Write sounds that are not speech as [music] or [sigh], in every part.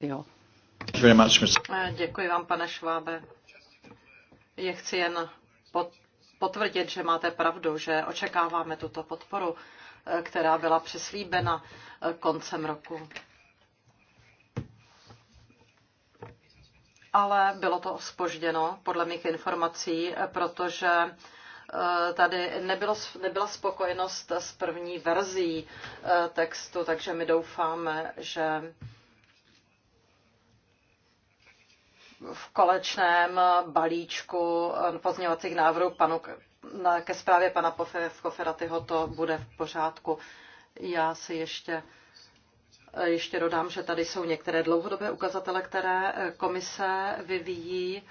Jo. Eh, děkuji vám, pane Švábe. Je chci jen potvrdit, že máte pravdu, že očekáváme tuto podporu, eh, která byla přislíbena eh, koncem roku. Ale bylo to spožděno, podle mých informací, protože tady nebylo, nebyla spokojenost s první verzí textu, takže my doufáme, že v kolečném balíčku eh, pozměňovacích návrhů panu, ke zprávě pana Koferatyho to bude v pořádku. Já si ještě eh, ještě dodám, že tady jsou některé dlouhodobé ukazatele, které eh, komise vyvíjí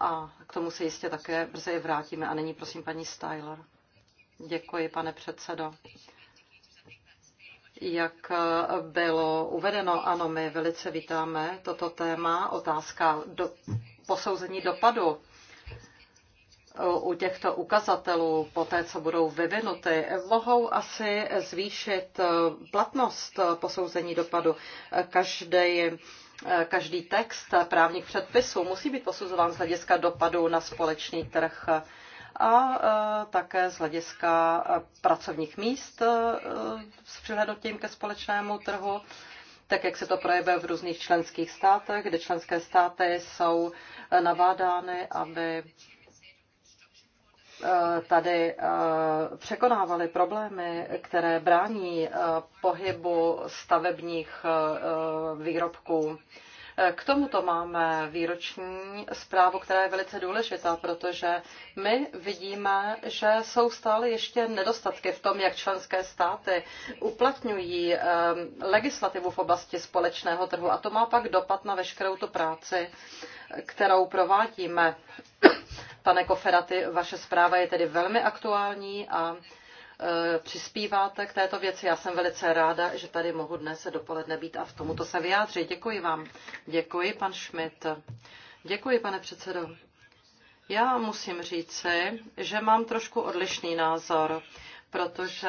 a k tomu se jistě také brzy vrátíme. A nyní prosím paní Styler. Děkuji, pane předsedo. Jak bylo uvedeno, ano, my velice vítáme toto téma, otázka do, posouzení dopadu u těchto ukazatelů, po té, co budou vyvinuty, mohou asi zvýšit platnost posouzení dopadu. Každý, každý text právních předpisů musí být posuzován z hlediska dopadu na společný trh a e, také z hlediska e, pracovních míst e, s přihlednutím ke společnému trhu tak jak se to projevuje v různých členských státech, kde členské státy jsou navádány, aby tady překonávaly problémy, které brání pohybu stavebních výrobků. K tomuto máme výroční zprávu, která je velice důležitá, protože my vidíme, že jsou stále ještě nedostatky v tom, jak členské státy uplatňují ehm, legislativu v oblasti společného trhu. A to má pak dopad na veškerou tu práci, kterou provádíme. Pane Koferaty, vaše zpráva je tedy velmi aktuální a Eh, přispíváte k této věci. Já jsem velice ráda, že tady mohu dnes dopoledne být a v tomuto se vyjádřit. Děkuji vám. Děkuji, pan Schmidt. Děkuji, pane předsedo. Já musím říci, že mám trošku odlišný názor, protože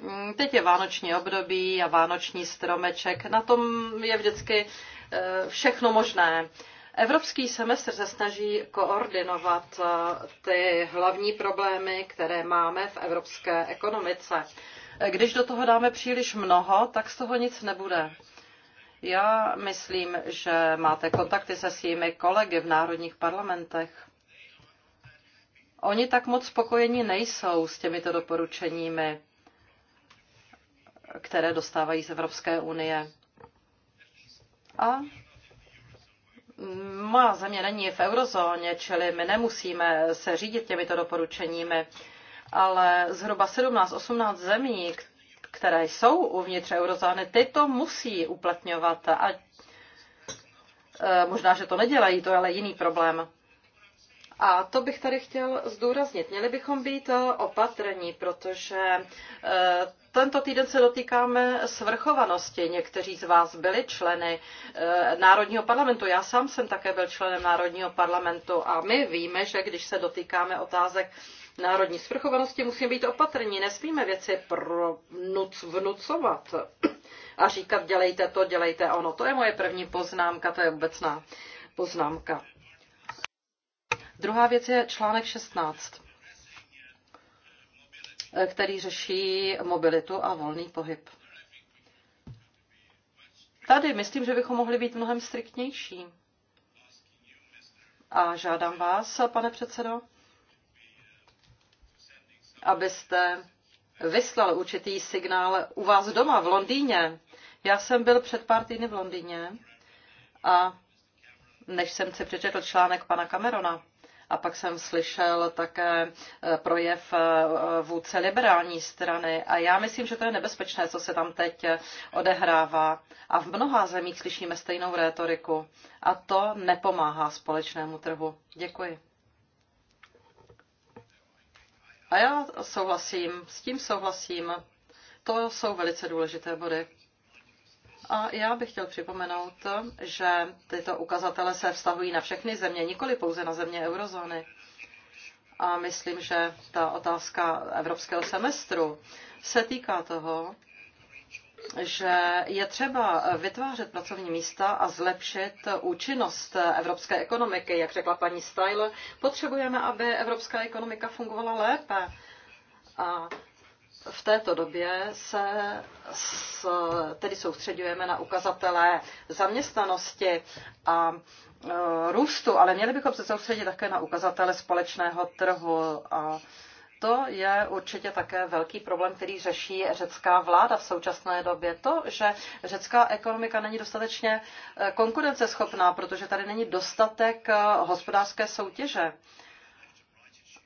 hm, teď je vánoční období a vánoční stromeček. Na tom je vždycky eh, všechno možné. Evropský semestr se snaží koordinovat eh, ty hlavní problémy, které máme v evropské ekonomice. Eh, když do toho dáme příliš mnoho, tak z toho nic nebude. Já myslím, že máte kontakty se svými kolegy v národních parlamentech. Oni tak moc spokojeni nejsou s těmito doporučeními, které dostávají z Evropské unie. A má země není v eurozóně, čili my nemusíme se řídit těmito doporučeními, ale zhruba 17-18 zemí, které jsou uvnitř eurozóny, ty to musí uplatňovat. A e, možná, že to nedělají, to je ale jiný problém. A to bych tady chtěl zdůraznit. Měli bychom být eh, opatrní, protože eh, tento týden se dotýkáme svrchovanosti. Někteří z vás byli členy eh, Národního parlamentu. Já sám jsem také byl členem Národního parlamentu a my víme, že když se dotýkáme otázek národní svrchovanosti, musíme být opatrní. Nesmíme věci vnuc, vnucovat a říkat dělejte to, dělejte ono. To je moje první poznámka, to je obecná poznámka. Druhá věc je článek 16, který řeší mobilitu a volný pohyb. Tady myslím, že bychom mohli být mnohem striktnější. A žádám vás, pane předsedo, abyste vyslal určitý signál u vás doma v Londýně. Já jsem byl před pár týdny v Londýně a než jsem si přečetl článek pana Camerona, a pak jsem slyšel také eh, projev eh, vůdce liberální strany. A já myslím, že to je nebezpečné, co se tam teď eh, odehrává. A v mnoha zemích slyšíme stejnou rétoriku. A to nepomáhá společnému trhu. Děkuji. A já souhlasím, s tím souhlasím. To jsou velice důležité body. A já bych chtěl připomenout, že tyto ukazatele se vztahují na všechny země, nikoli pouze na země eurozóny. A myslím, že ta otázka evropského semestru se týká toho, že je třeba vytvářet pracovní místa a zlepšit účinnost evropské ekonomiky. Jak řekla paní Style, potřebujeme, aby evropská ekonomika fungovala lépe. A v této době se s, tedy soustředujeme na ukazatele zaměstnanosti a e, růstu, ale měli bychom se soustředit také na ukazatele společného trhu. A to je určitě také velký problém, který řeší řecká vláda v současné době. To, že řecká ekonomika není dostatečně e, konkurenceschopná, protože tady není dostatek e, hospodářské soutěže. E,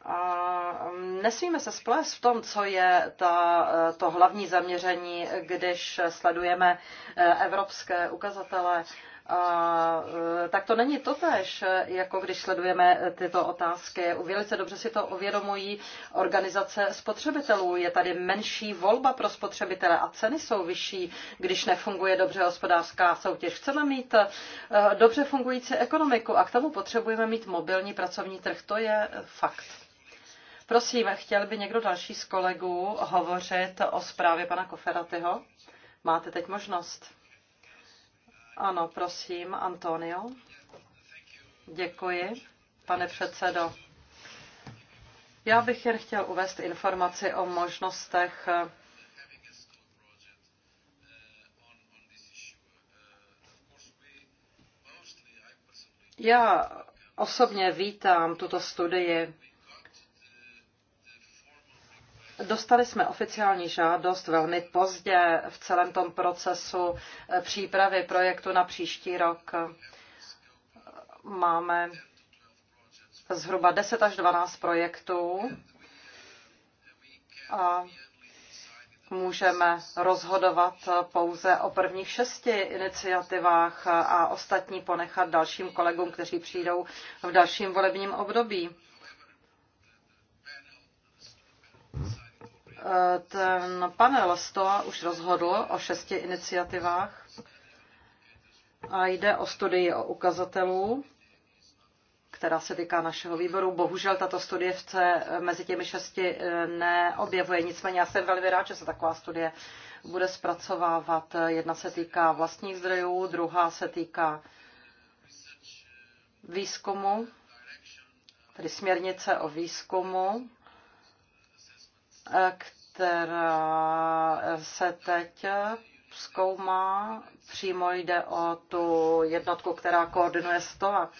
a mm, nesmíme se splést v tom, co je ta, e, to hlavní zaměření, když sledujeme e, evropské ukazatele. A, e, tak to není totéž, jako když sledujeme tyto otázky. Velice dobře si to uvědomují organizace spotřebitelů. Je tady menší volba pro spotřebitele a ceny jsou vyšší, když nefunguje dobře hospodářská soutěž. Chceme mít dobře fungující ekonomiku a k tomu potřebujeme mít mobilní pracovní trh. To je fakt. Prosím, chtěl by někdo další z kolegů hovořit o zprávě pana Koferatyho? Máte teď možnost. Ano, prosím, Antonio. Děkuji, pane předsedo. Já bych jen chtěl uvést informaci o možnostech Já osobně vítám tuto studii Dostali jsme oficiální žádost velmi pozdě v celém tom procesu eh, přípravy projektu na příští rok. Máme zhruba 10 až 12 projektů a můžeme rozhodovat pouze o prvních šesti iniciativách a ostatní ponechat dalším kolegům, kteří přijdou v dalším volebním období. Ten panel toho už rozhodl o šesti iniciativách a jde o studii o ukazatelů, která se týká našeho výboru. Bohužel tato studie se mezi těmi šesti eh, neobjevuje. Nicméně já jsem velmi rád, že se taková studie bude zpracovávat. Jedna se týká vlastních zdrojů, druhá se týká výzkumu, tedy směrnice o výzkumu která se teď zkoumá. Přímo jde o tu jednotku, která koordinuje stola.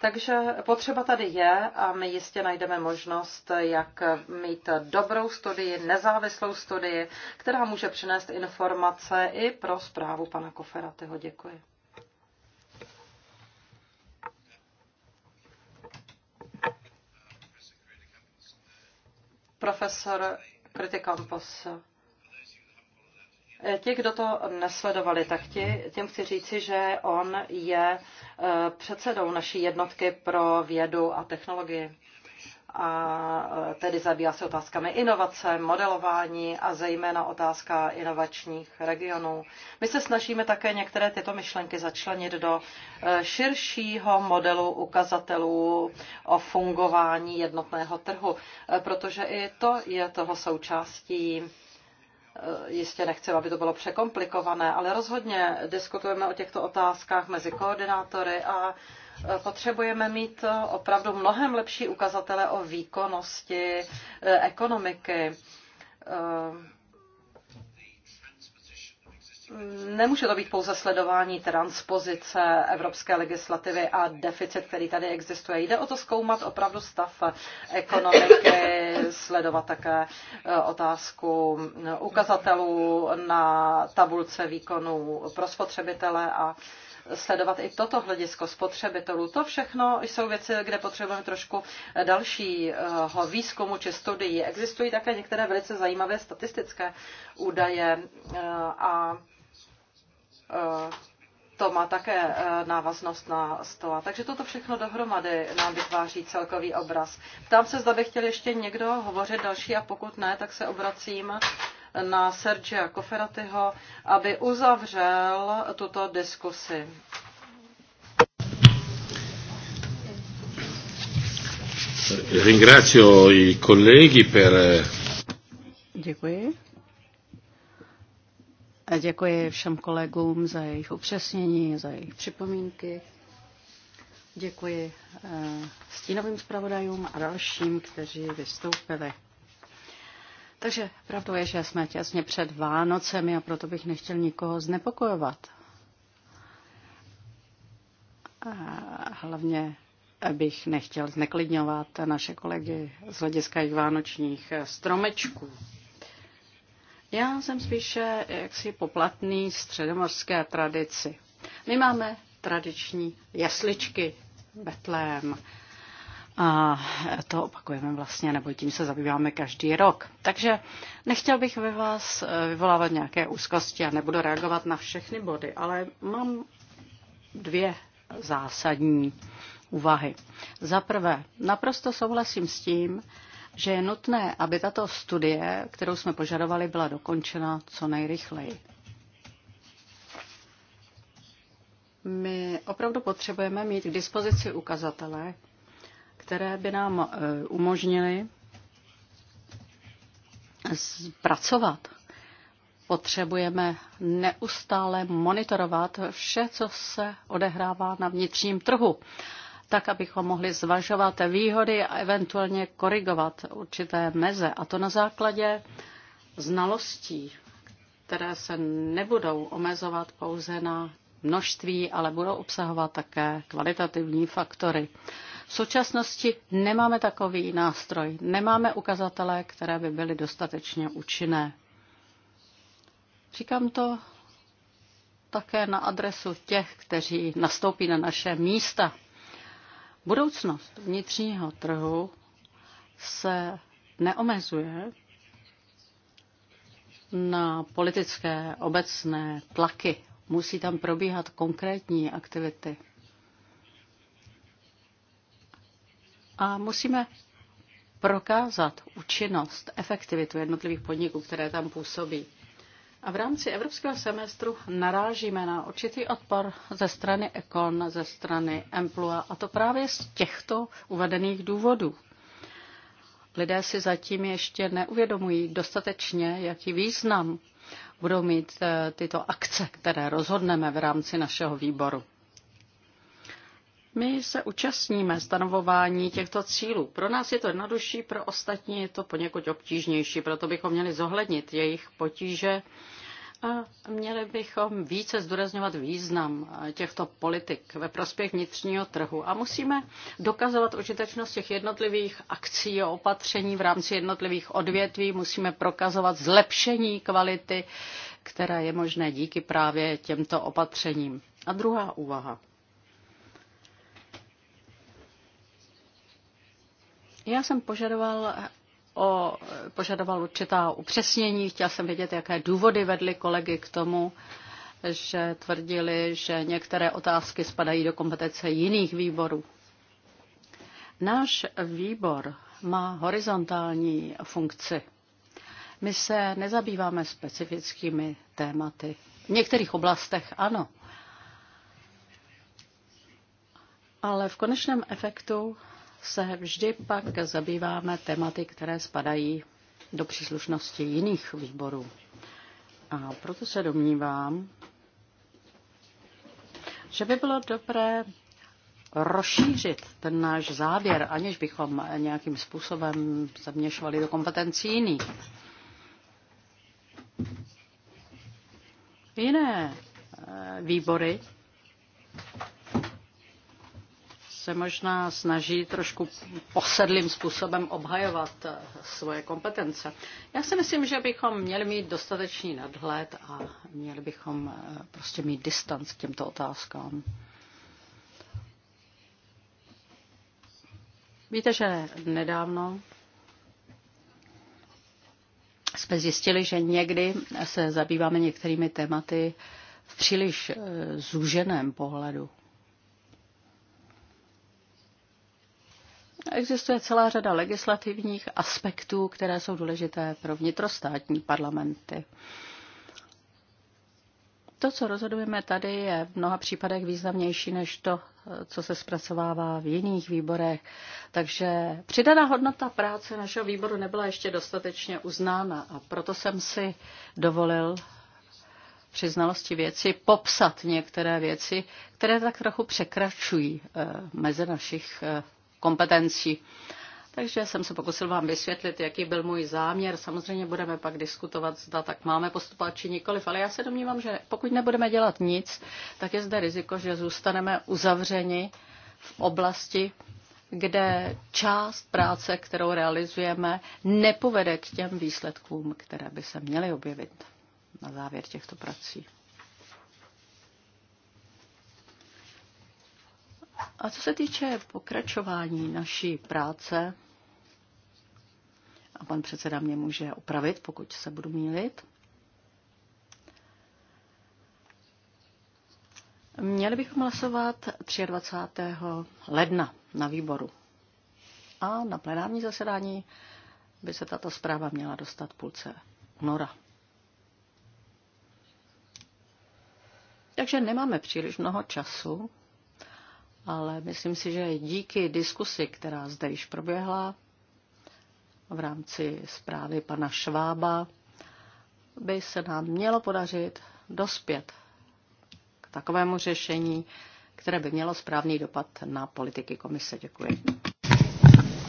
Takže potřeba tady je a my jistě najdeme možnost, jak mít dobrou studii, nezávislou studii, která může přinést informace i pro zprávu pana Koferatyho. Děkuji. profesor Kritikampos. Eh, ti, kdo to nesledovali, tak ti, těm chci říci, že on je eh, předsedou naší jednotky pro vědu a technologii a e, tedy zabývá se otázkami inovace, modelování a zejména otázka inovačních regionů. My se snažíme také některé tyto myšlenky začlenit do e, širšího modelu ukazatelů o fungování jednotného trhu, e, protože i to je toho součástí. Jistě nechci, aby to bylo překomplikované, ale rozhodně diskutujeme o těchto otázkách mezi koordinátory a potřebujeme mít opravdu mnohem lepší ukazatele o výkonnosti eh, ekonomiky. Eh, nemůže to být pouze sledování transpozice evropské legislativy a deficit, který tady existuje. Jde o to zkoumat opravdu stav ekonomiky, [coughs] sledovat také eh, otázku ukazatelů na tabulce výkonů pro spotřebitele a sledovat i toto hledisko spotřebitelů. To všechno jsou věci, kde potřebujeme trošku dalšího výzkumu či studií. Existují také některé velice zajímavé statistické údaje eh, a eh, to má také eh, návaznost na stola. Takže toto všechno dohromady nám vytváří celkový obraz. Ptám se, zda by chtěl ještě někdo hovořit další a pokud ne, tak se obracím na Sergia Koferatyho, aby uzavřel tuto diskusi. Ringrazio i colleghi per... Eh, děkuji. A děkuji všem kolegům za jejich upřesnění, za jejich připomínky. Děkuji eh, stínovým zpravodajům a dalším, kteří vystoupili. Takže pravdou je, že jsme těsně před Vánocemi a proto bych nechtěl nikoho znepokojovat. A hlavně bych nechtěl zneklidňovat naše kolegy z hlediska jejich vánočních stromečků. Já jsem spíše jaksi poplatný středomorské tradici. My máme tradiční jasličky Betlém. A to opakujeme vlastně, nebo tím se zabýváme každý rok. Takže nechtěl bych ve vás eh, vyvolávat nějaké úzkosti a nebudu reagovat na všechny body, ale mám dvě zásadní úvahy. Za prvé, naprosto souhlasím s tím, že je nutné, aby tato studie, kterou jsme požadovali, byla dokončena co nejrychleji. My opravdu potřebujeme mít k dispozici ukazatele, které by nám eh, umožnily pracovat. Potřebujeme neustále monitorovat vše, co se odehrává na vnitřním trhu, tak abychom mohli zvažovat výhody a eventuálně korigovat určité meze. A to na základě znalostí, které se nebudou omezovat pouze na množství, ale budou obsahovat také kvalitativní faktory. V současnosti nemáme takový nástroj, nemáme ukazatele, které by byly dostatečně účinné. Říkám to také na adresu těch, kteří nastoupí na naše místa. Budoucnost vnitřního trhu se neomezuje na politické obecné tlaky. Musí tam probíhat konkrétní aktivity. A musíme prokázat účinnost, efektivitu jednotlivých podniků, které tam působí. A v rámci evropského semestru narážíme na určitý odpor ze strany Econ, ze strany Emplua, a to právě z těchto uvedených důvodů. Lidé si zatím ještě neuvědomují dostatečně, jaký význam budou mít eh, tyto akce, které rozhodneme v rámci našeho výboru. My se účastníme stanovování těchto cílů. Pro nás je to jednodušší, pro ostatní je to poněkud obtížnější, proto bychom měli zohlednit jejich potíže a měli bychom více zdůrazňovat význam těchto politik ve prospěch vnitřního trhu a musíme dokazovat užitečnost těch jednotlivých akcí a opatření v rámci jednotlivých odvětví, musíme prokazovat zlepšení kvality, které je možné díky právě těmto opatřením. A druhá úvaha. Já jsem požadoval o, požadoval určitá upřesnění, chtěl jsem vědět, jaké důvody vedly kolegy k tomu, že tvrdili, že některé otázky spadají do kompetence jiných výborů. Náš výbor má horizontální funkci. My se nezabýváme specifickými tématy. V některých oblastech ano. Ale v konečném efektu se vždy pak zabýváme tématy, které spadají do příslušnosti jiných výborů. A proto se domnívám, že by bylo dobré rozšířit ten náš závěr, aniž bychom nějakým způsobem zaměšovali do kompetencí jiných. Jiné eh, výbory se možná snaží trošku posedlým způsobem obhajovat eh, svoje kompetence. Já si myslím, že bychom měli mít dostatečný nadhled a měli bychom eh, prostě mít distanc k těmto otázkám. Víte, že nedávno jsme zjistili, že někdy se zabýváme některými tématy v příliš eh, zúženém pohledu. existuje celá řada legislativních aspektů, které jsou důležité pro vnitrostátní parlamenty. To, co rozhodujeme tady, je v mnoha případech významnější než to, co se zpracovává v jiných výborech. Takže přidaná hodnota práce našeho výboru nebyla ještě dostatečně uznána a proto jsem si dovolil při znalosti věci popsat některé věci, které tak trochu překračují eh, meze našich eh, kompetencí. Takže jsem se pokusil vám vysvětlit, jaký byl můj záměr. Samozřejmě budeme pak diskutovat, zda tak máme postupovat či nikoliv, ale já se domnívám, že pokud nebudeme dělat nic, tak je zde riziko, že zůstaneme uzavřeni v oblasti, kde část práce, kterou realizujeme, nepovede k těm výsledkům, které by se měly objevit na závěr těchto prací. A co se týče pokračování naší práce, a pan předseda mě může opravit, pokud se budu mýlit, Měli bychom hlasovat 23. ledna na výboru. A na plenární zasedání by se tato zpráva měla dostat půlce února. Takže nemáme příliš mnoho času ale myslím si, že díky diskusi, která zde již proběhla v rámci zprávy pana Švába, by se nám mělo podařit dospět k takovému řešení, které by mělo správný dopad na politiky komise. Děkuji.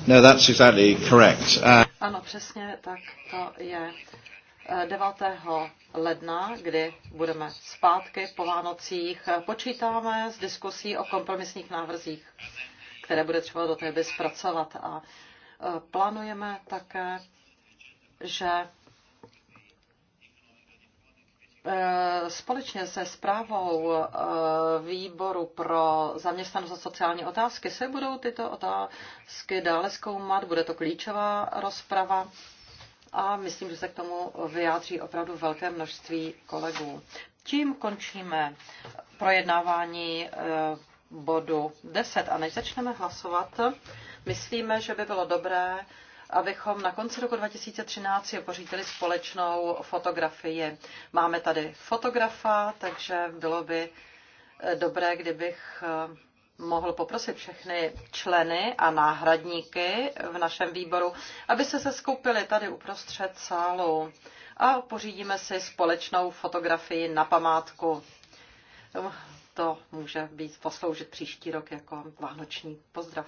No, that's exactly correct. Uh... Ano, přesně tak to je. 9. ledna, kdy budeme zpátky po Vánocích, počítáme s diskusí o kompromisních návrzích, které bude třeba do té doby zpracovat. A e, plánujeme také, že e, společně se zprávou e, výboru pro zaměstnanost a sociální otázky se budou tyto otázky dále zkoumat. Bude to klíčová rozprava a myslím, že se k tomu vyjádří opravdu velké množství kolegů. Tím končíme projednávání eh, bodu 10 a než začneme hlasovat, myslíme, že by bylo dobré, abychom na konci roku 2013 si pořídili společnou fotografii. Máme tady fotografa, takže bylo by eh, dobré, kdybych eh, mohl poprosit všechny členy a náhradníky v našem výboru, aby se seskupili tady uprostřed sálu a pořídíme si společnou fotografii na památku. To může být posloužit příští rok jako vánoční pozdrav.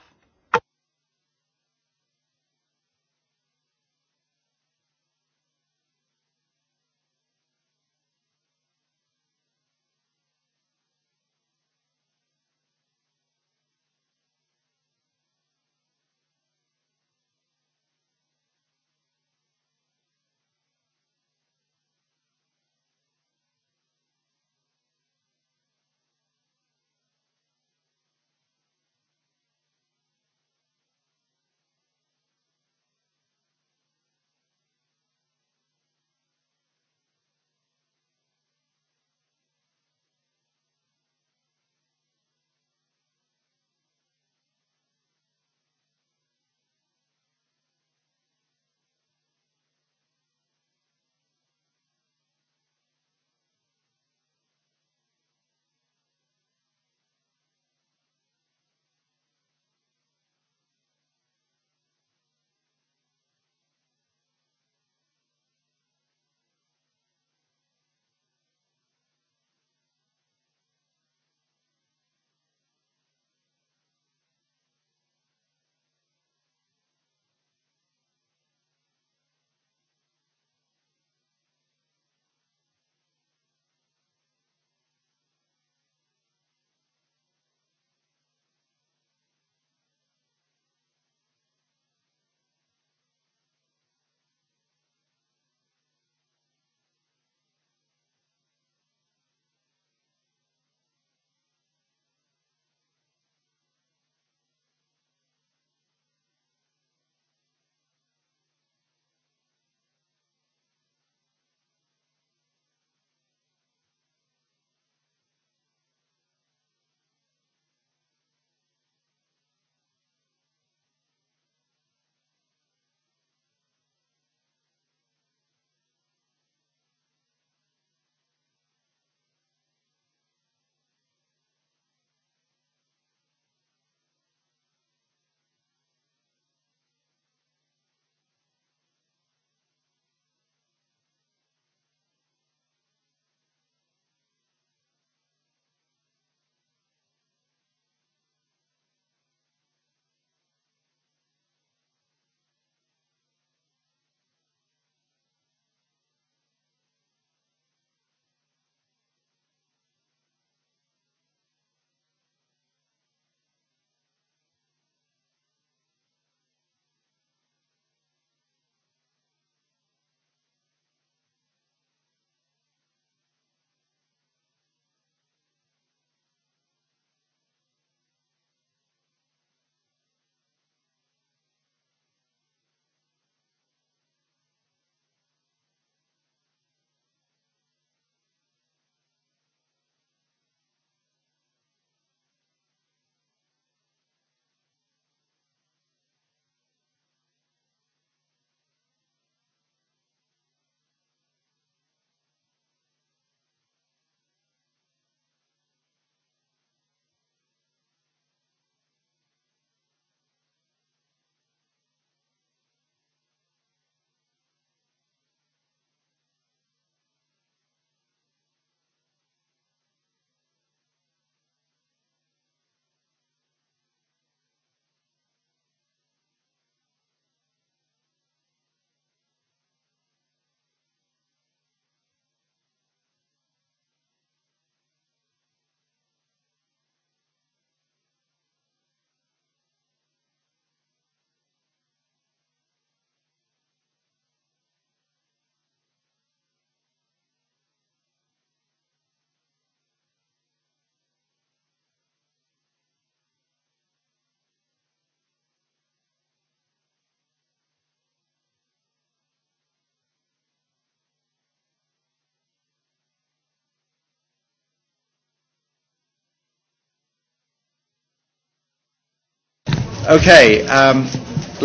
Okay, um,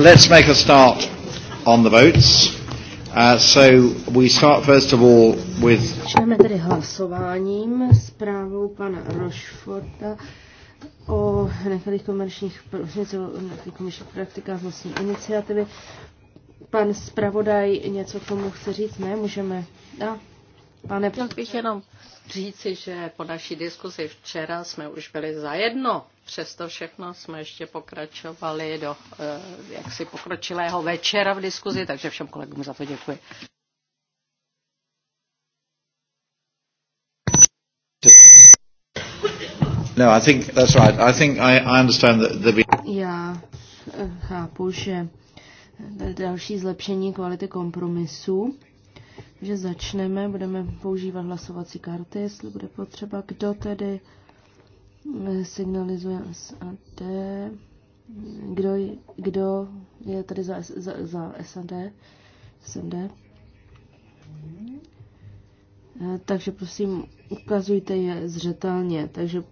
let's make a start on the votes. Uh, so we start first of all with... Začneme tedy hlasováním zprávou pana Rošforda o nekalých komerčních, nekalých komerčních praktikách vlastní iniciativy. Pan zpravodaj něco k tomu chce říct? Ne, můžeme... A, Pane, chtěl bych jenom říci, že po naší diskuzi včera jsme už byli zajedno. Přesto všechno jsme ještě pokračovali do eh, jaksi pokročilého večera v diskuzi, takže všem kolegům za to děkuji. No, I think that's right. I think I, I understand that the... Já eh, chápu, že další zlepšení kvality kompromisu že začneme, budeme používat hlasovací karty, jestli bude potřeba. Kdo tedy eh, signalizuje SAD? Kdo, kdo je tady za, za, za SAD? SMD? Eh, takže prosím, ukazujte je zřetelně. Takže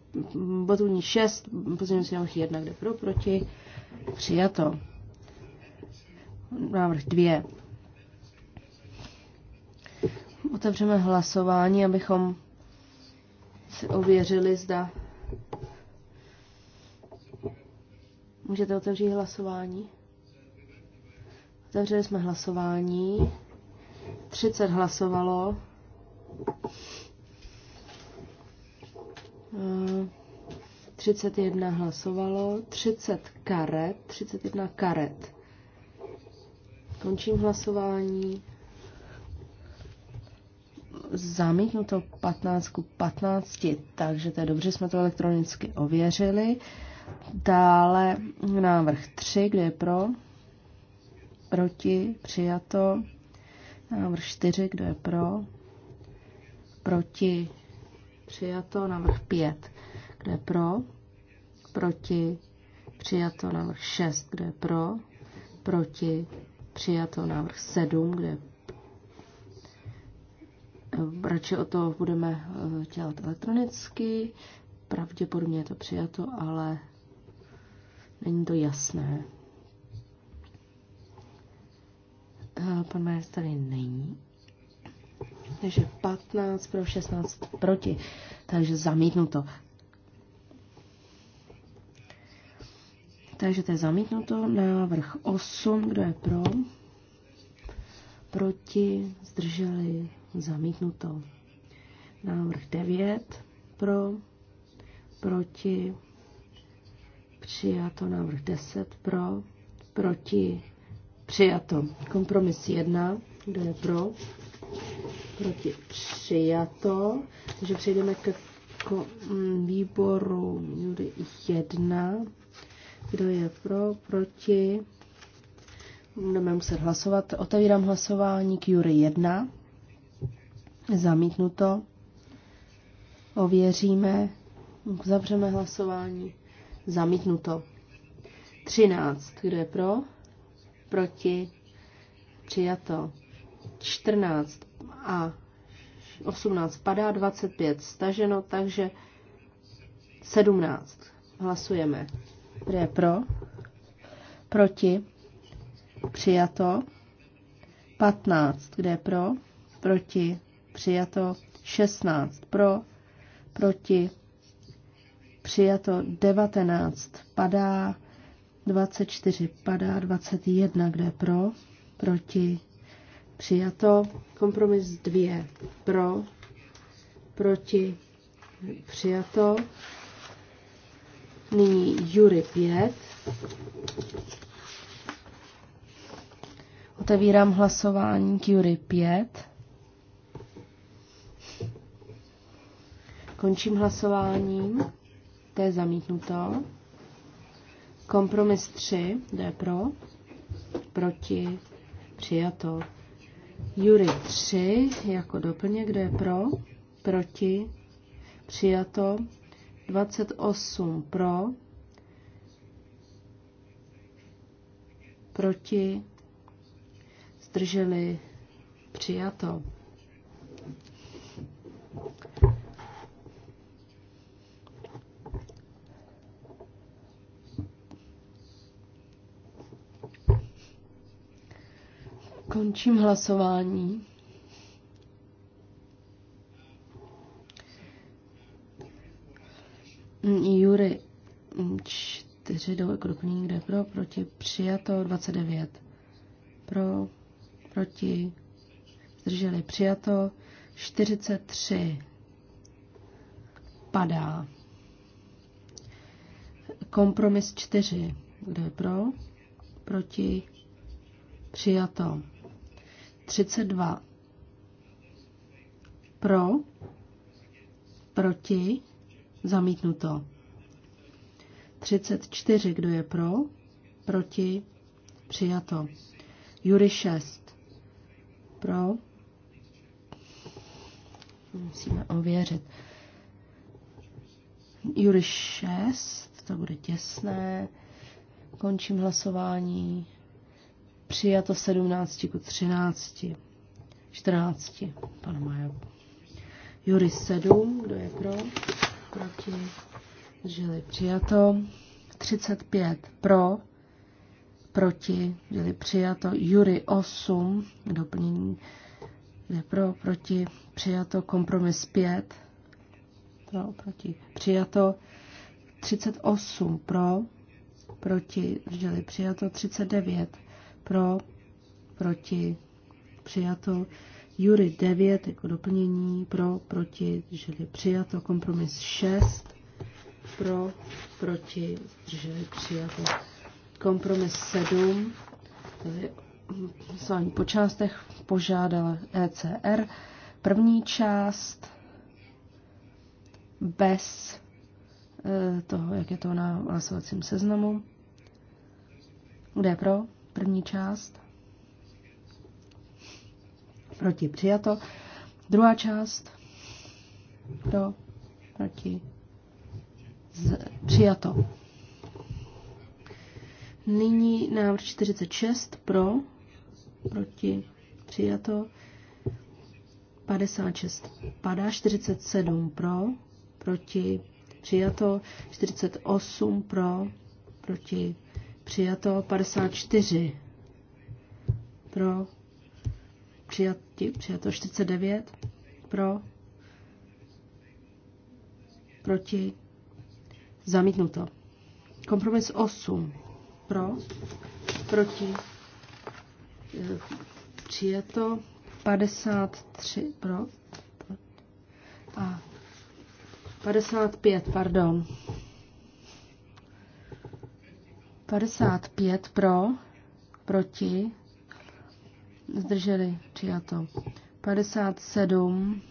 bod 6, pozvím si návrh 1, kde pro, proti, přijato. Návrh 2, Otevřeme hlasování, abychom si ověřili, zda můžete otevřít hlasování. Otevřeli jsme hlasování. 30 hlasovalo. Uh, eh, 31 hlasovalo, 30 karet, 31 karet. Končím hlasování zamítnuto 15 ku 15, takže to je dobře, jsme to elektronicky ověřili. Dále návrh 3, kde je pro, proti, přijato. Návrh 4, kdo je pro, proti, přijato. Návrh 5, kdo je pro, proti, přijato. Návrh 6, kdo je pro, proti, přijato. Návrh 7, kdo je Radši o to budeme eh, dělat elektronicky. Pravděpodobně je to přijato, ale není to jasné. Eh, pan Majer tady není. Takže 15 pro 16 proti. Takže zamítnuto. Takže to je zamítnuto. Návrh 8, kdo je pro? Proti, zdrželi, zamítnuto. Návrh 9 pro, proti, přijato. Návrh 10 pro, proti, přijato. Kompromis 1, kdo je pro, proti, přijato. Takže přejdeme k mm, výboru 1, kdo je pro, proti, budeme muset hlasovat. Otevírám hlasování k Jury 1. Zamítnuto. Ověříme. zavřeme hlasování. Zamítnuto. 13. Kdo je pro? Proti? Přijato. 14 a 18 padá, 25 staženo, takže 17. Hlasujeme. Kdo je pro? Proti? Přijato. 15. Kde je pro? Proti? přijato 16 pro, proti, přijato 19 padá, 24 padá, 21 kde pro, proti, přijato, kompromis 2 pro, proti, přijato, nyní Jury 5, Otevírám hlasování k Jury 5. Končím hlasováním. To je zamítnuto. Kompromis 3. Kdo je pro? Proti? Přijato. Jury 3 jako doplněk. Kdo je pro? Proti? Přijato. 28 pro. Proti? Zdrželi? Přijato. Končím hlasování. Jury 4 mm, do doplnění, kde pro, proti, přijato 29. Pro, proti, zdrželi přijato 43. Padá. Kompromis 4. Kdo je pro? Proti? Přijato. 32 pro, proti, zamítnuto. 34, kdo je pro, proti, přijato. Jury 6, pro, musíme ověřit. Jury 6, to bude těsné, končím hlasování. Přijato 17 ku 13. 14. pan Majavu. Jury 7. Kdo je pro? Proti. Žili přijato. 35 pro, proti, Žili přijato Jury 8, doplnění je pro, proti, přijato kompromis 5, pro, proti, přijato 38 pro, proti, byly přijato 39 pro, proti, přijato. Jury 9 jako doplnění pro, proti, žili přijato. Kompromis 6 pro, proti, žili přijato. Kompromis 7, hlasování po částech požádala ECR. První část bez eh, toho, jak je to na hlasovacím seznamu. Kde pro? První část. Proti přijato. Druhá část. Pro. Proti. Z, přijato. Nyní návrh 46 pro, proti, přijato, 56 padá, 47 pro, proti, přijato, 48 pro, proti, přijato 54 pro, přijati, přijato 49 pro, proti, zamítnuto. Kompromis 8 pro, proti, eh, přijato 53 pro a 55, pardon. 55 pro, proti, zdrželi, přijato. 57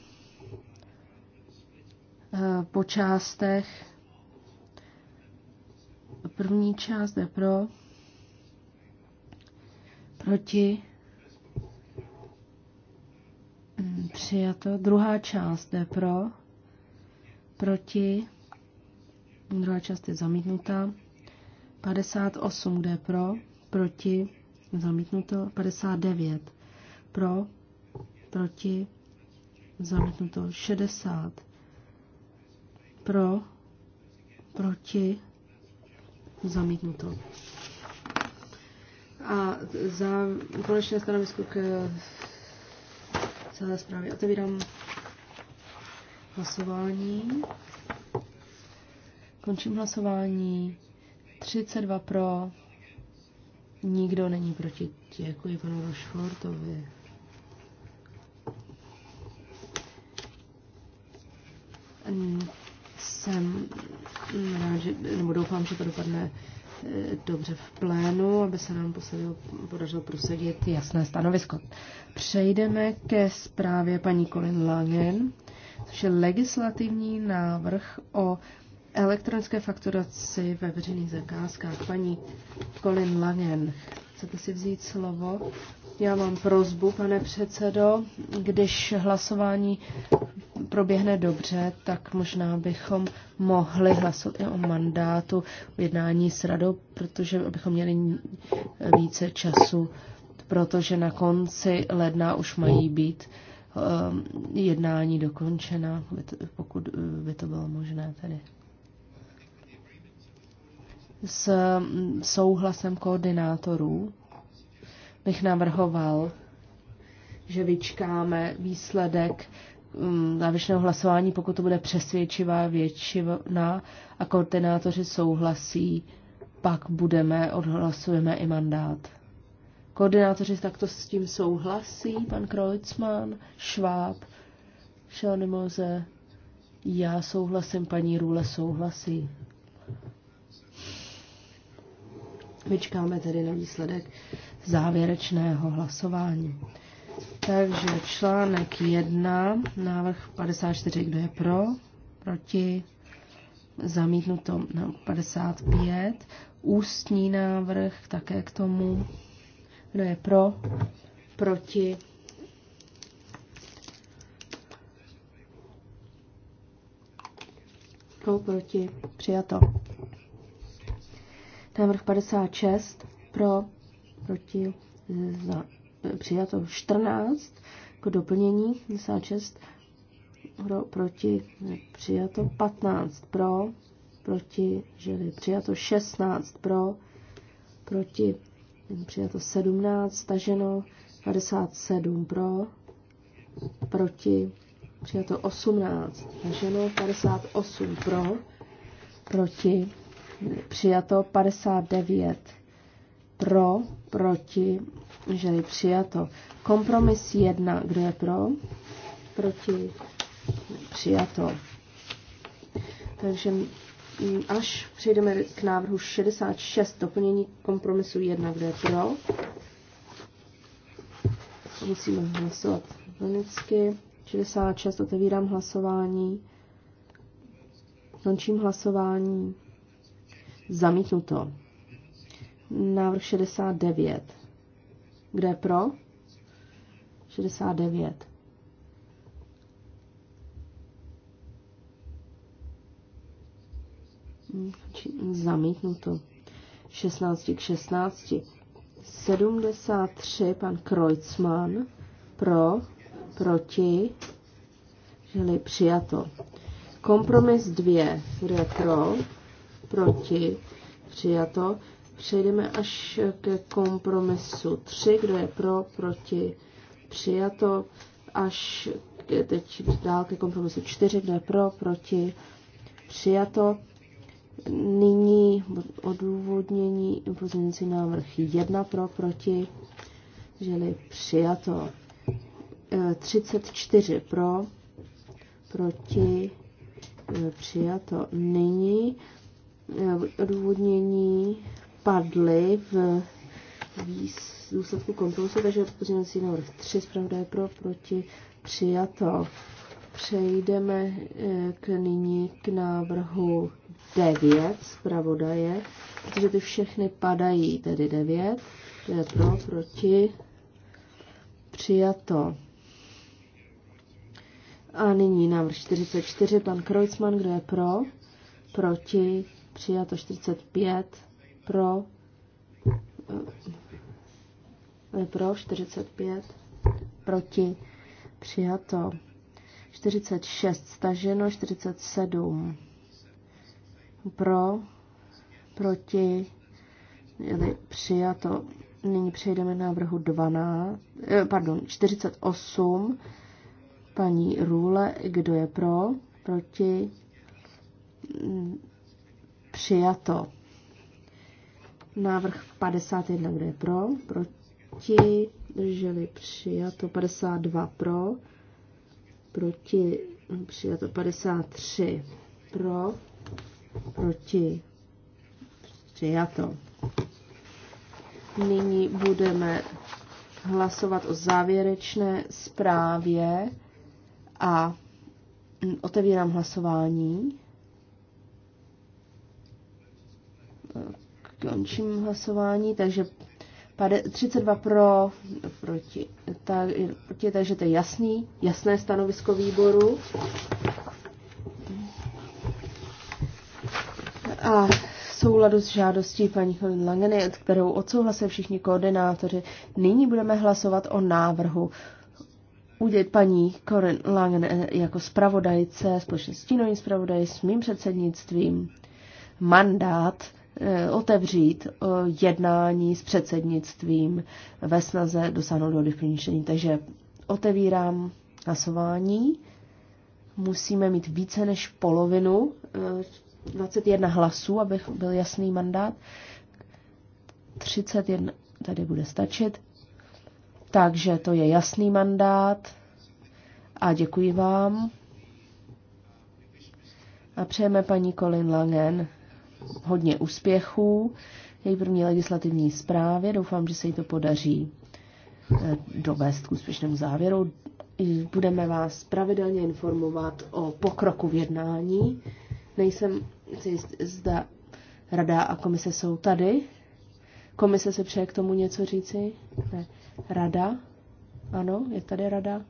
eh, po částech. První část je pro, proti, hm, přijato. Druhá část je pro, proti, druhá část je zamítnutá. 58, kde je pro, proti, zamítnuto. 59, pro, proti, zamítnuto. 60, pro, proti, zamítnuto. A za konečné stanovisko k celé zprávě otevírám hlasování. Končím hlasování. 32 pro. Nikdo není proti. Děkuji panu Rošfortovi. Jsem rád, že, nebo doufám, že to dopadne eh, dobře v plénu, aby se nám posadil, podařilo prosadit jasné stanovisko. Přejdeme ke zprávě paní Colin Langen, což je legislativní návrh o elektronické fakturaci ve veřejných zakázkách. Paní Colin Langen, chcete si vzít slovo? Já mám prozbu, pane předsedo. Když hlasování proběhne dobře, tak možná bychom mohli hlasovat i o mandátu jednání s radou, protože bychom měli více času, protože na konci ledna už mají být um, jednání dokončena, pokud by to bylo možné tedy s mm, souhlasem koordinátorů bych navrhoval, že vyčkáme výsledek mm, závěrečného hlasování, pokud to bude přesvědčivá většina a koordinátoři souhlasí, pak budeme, odhlasujeme i mandát. Koordinátoři takto s tím souhlasí, pan Kreutzmann, šváb, Šelny Moze, já souhlasím, paní Růle souhlasí. Vyčkáme tedy na výsledek závěrečného hlasování. Takže článek 1, návrh 54, kdo je pro, proti, zamítnuto na 55, ústní návrh také k tomu, kdo je pro, proti, pro, proti, přijato. Návrh 56 pro, proti, za, přijato 14 jako doplnění, 56 pro, proti, přijato 15 pro, proti, žili přijato 16 pro, proti, přijato 17, staženo 57 pro, proti, přijato 18, staženo 58 pro, proti, přijato 59 pro, proti, že je přijato. Kompromis 1, kdo je pro, proti, přijato. Takže mm, až přejdeme k návrhu 66, doplnění kompromisu 1, kdo je pro, musíme hlasovat vlnicky. 66, otevírám hlasování. Končím hlasování. Zamítnuto. Návrh 69. Kde je pro? 69. Zamítnuto. 16 k 16. 73 pan Kreutzmann pro, proti, žili přijato. Kompromis 2, kde je pro, proti, přijato. Přejdeme až ke kompromisu 3, kdo je pro, proti, přijato. Až teď dál ke kompromisu 4, kdo je pro, proti, přijato. Nyní odůvodnění pozměnící návrh 1 pro, proti, žili přijato. 34 e, pro, proti, e, přijato. Nyní Eh, odůvodnění padly v důsledku kompromisu, takže pozměňovací návrh 3 zpravda je pro, proti, přijato. Přejdeme eh, k nyní k návrhu 9 zpravodaje, protože ty všechny padají, tedy 9, to je pro, proti, přijato. A nyní návrh 44, pan Kreuzmann, kdo je pro, proti, přijato 45 pro, eh, pro 45 proti přijato 46 staženo 47 pro proti jeli přijato. Nyní přejdeme na návrhu 12, eh, pardon, 48 paní Růle, kdo je pro, proti přijato. Návrh 51, kde je pro, proti, drželi přijato, 52 pro, proti, přijato 53 pro, proti, přijato. Nyní budeme hlasovat o závěrečné zprávě a otevírám hlasování. Končím hlasování, takže 32 pro, proti, tak, proti, takže to je jasný, jasné stanovisko výboru. A v souladu s žádostí paní Colin Langeny, kterou odsouhlasili všichni koordinátoři, nyní budeme hlasovat o návrhu udělit paní Corinne Langen jako zpravodajce, společně s tím zpravodaj, s mým předsednictvím mandát Eh, otevřít eh, jednání s předsednictvím ve snaze dosáhnout do definičení. Takže otevírám hlasování. Musíme mít více než polovinu, 21 eh, hlasů, aby byl jasný mandát. 31 tady bude stačit. Takže to je jasný mandát a děkuji vám. A přejeme paní Colin Langen hodně úspěchů její první legislativní zprávě. Doufám, že se jí to podaří eh, dovést k úspěšnému závěru. Budeme vás pravidelně informovat o pokroku v jednání. Nejsem si jist, zda rada a komise jsou tady. Komise se přeje k tomu něco říci? Ne. Rada? Ano, je tady rada.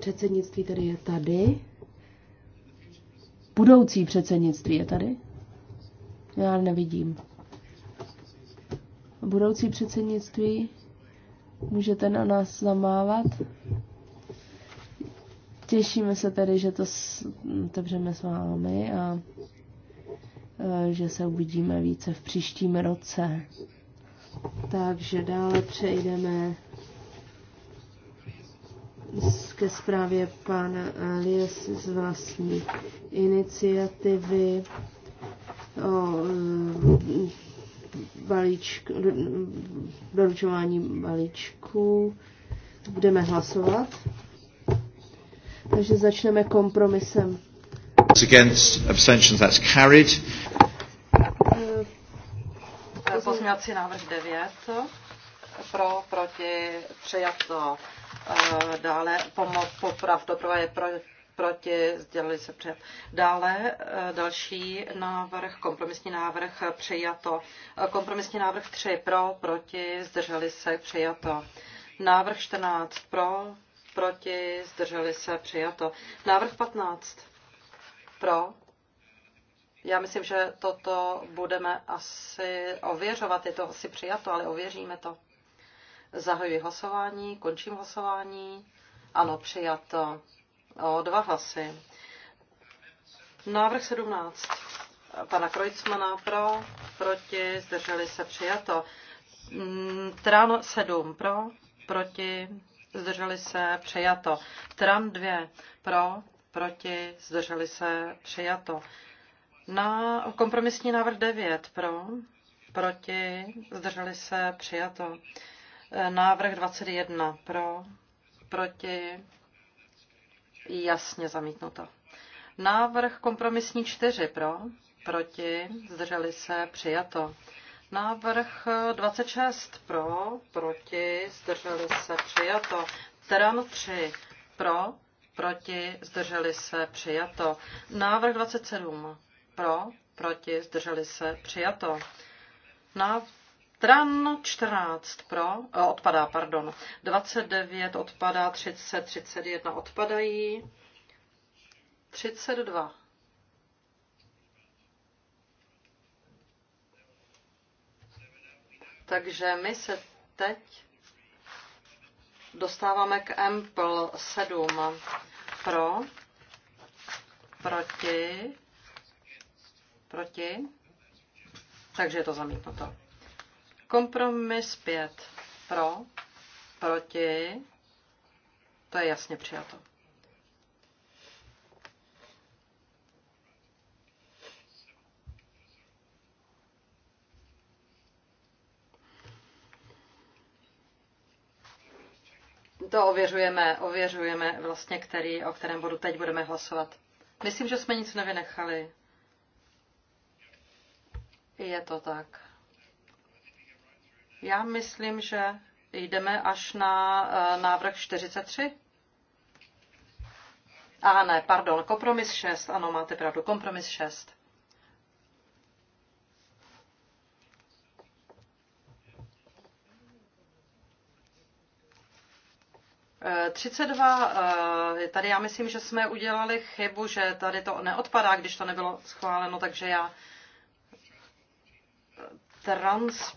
Předsednictví tedy je tady budoucí předsednictví je tady? Já nevidím. Budoucí předsednictví, můžete na nás zamávat? Těšíme se tedy, že to otevřeme s vámi a e, že se uvidíme více v příštím roce. Takže dále přejdeme ke zprávě pan Lies z vlastní iniciativy o eh, balíčk, doručování balíčků. Budeme hlasovat. Takže začneme kompromisem. Against abstentions, that's carried. Eh, pozměňovací návrh 9. Pro, proti, přijato dále pomoc, poprav, je pro, proti, sdělili se před. Dále e, další návrh, kompromisní návrh přijato. Kompromisní návrh 3 pro, proti, zdrželi se přijato. Návrh 14 pro, proti, zdrželi se přijato. Návrh 15 pro, já myslím, že toto budeme asi ověřovat, je to asi přijato, ale ověříme to. Zahajuji hlasování, končím hlasování. Ano, přijato. O dva hlasy. Návrh 17. Pana Krojcmana mm, pro, proti, zdrželi se přijato. Tran 7 pro, proti, zdrželi se přijato. Tran 2 pro, proti, zdrželi se přijato. Na kompromisní návrh 9 pro, proti, zdrželi se přijato. Návrh 21 pro, proti, jasně zamítnuto. Návrh kompromisní 4 pro, proti, zdrželi se, přijato. Návrh 26 pro, proti, zdrželi se, přijato. Tran 3 pro, proti, zdrželi se, přijato. Návrh 27 pro, proti, zdrželi se, přijato. Návrh Stran 14 pro, eh, odpadá, pardon, 29 odpadá, 30, 31 odpadají, 32. Takže my se teď dostáváme k Ample 7 pro, proti, proti, takže je to zamítnuto. Kompromis 5 pro, proti, to je jasně přijato. To ověřujeme, ověřujeme vlastně, který, o kterém bodu teď budeme hlasovat. Myslím, že jsme nic nevynechali. Je to tak. Já myslím, že jdeme až na eh, návrh 43. A ne, pardon, kompromis 6. Ano, máte pravdu, kompromis 6. E, 32, e, tady já myslím, že jsme udělali chybu, že tady to neodpadá, když to nebylo schváleno, takže já eh, trans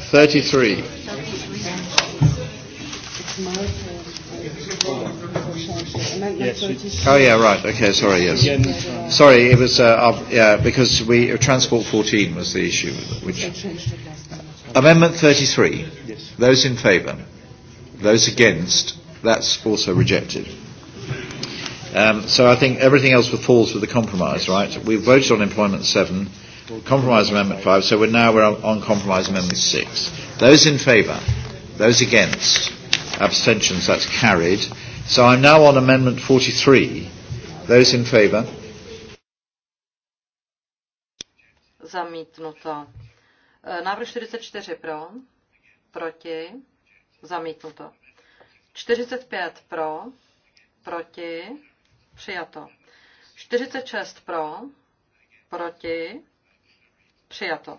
33. Yes, oh yeah, right. Okay, sorry. Yes, sorry. It was uh, uh, yeah, because we uh, transport 14 was the issue, which amendment 33. Those in favour, those against. That's also rejected. Um, so I think everything else falls with the compromise, right? We voted on employment 7. Compromise Amendment 5. So we're now we're on, on Compromise Amendment 6. Those in favour? Those against? Abstentions? That's carried. So I'm now on Amendment 43. Those in favour? Zamítnuto. Eh, návrh 44 pro, proti, zamítnuto. 45 pro, proti, přijato. 46 pro, proti, Přijato.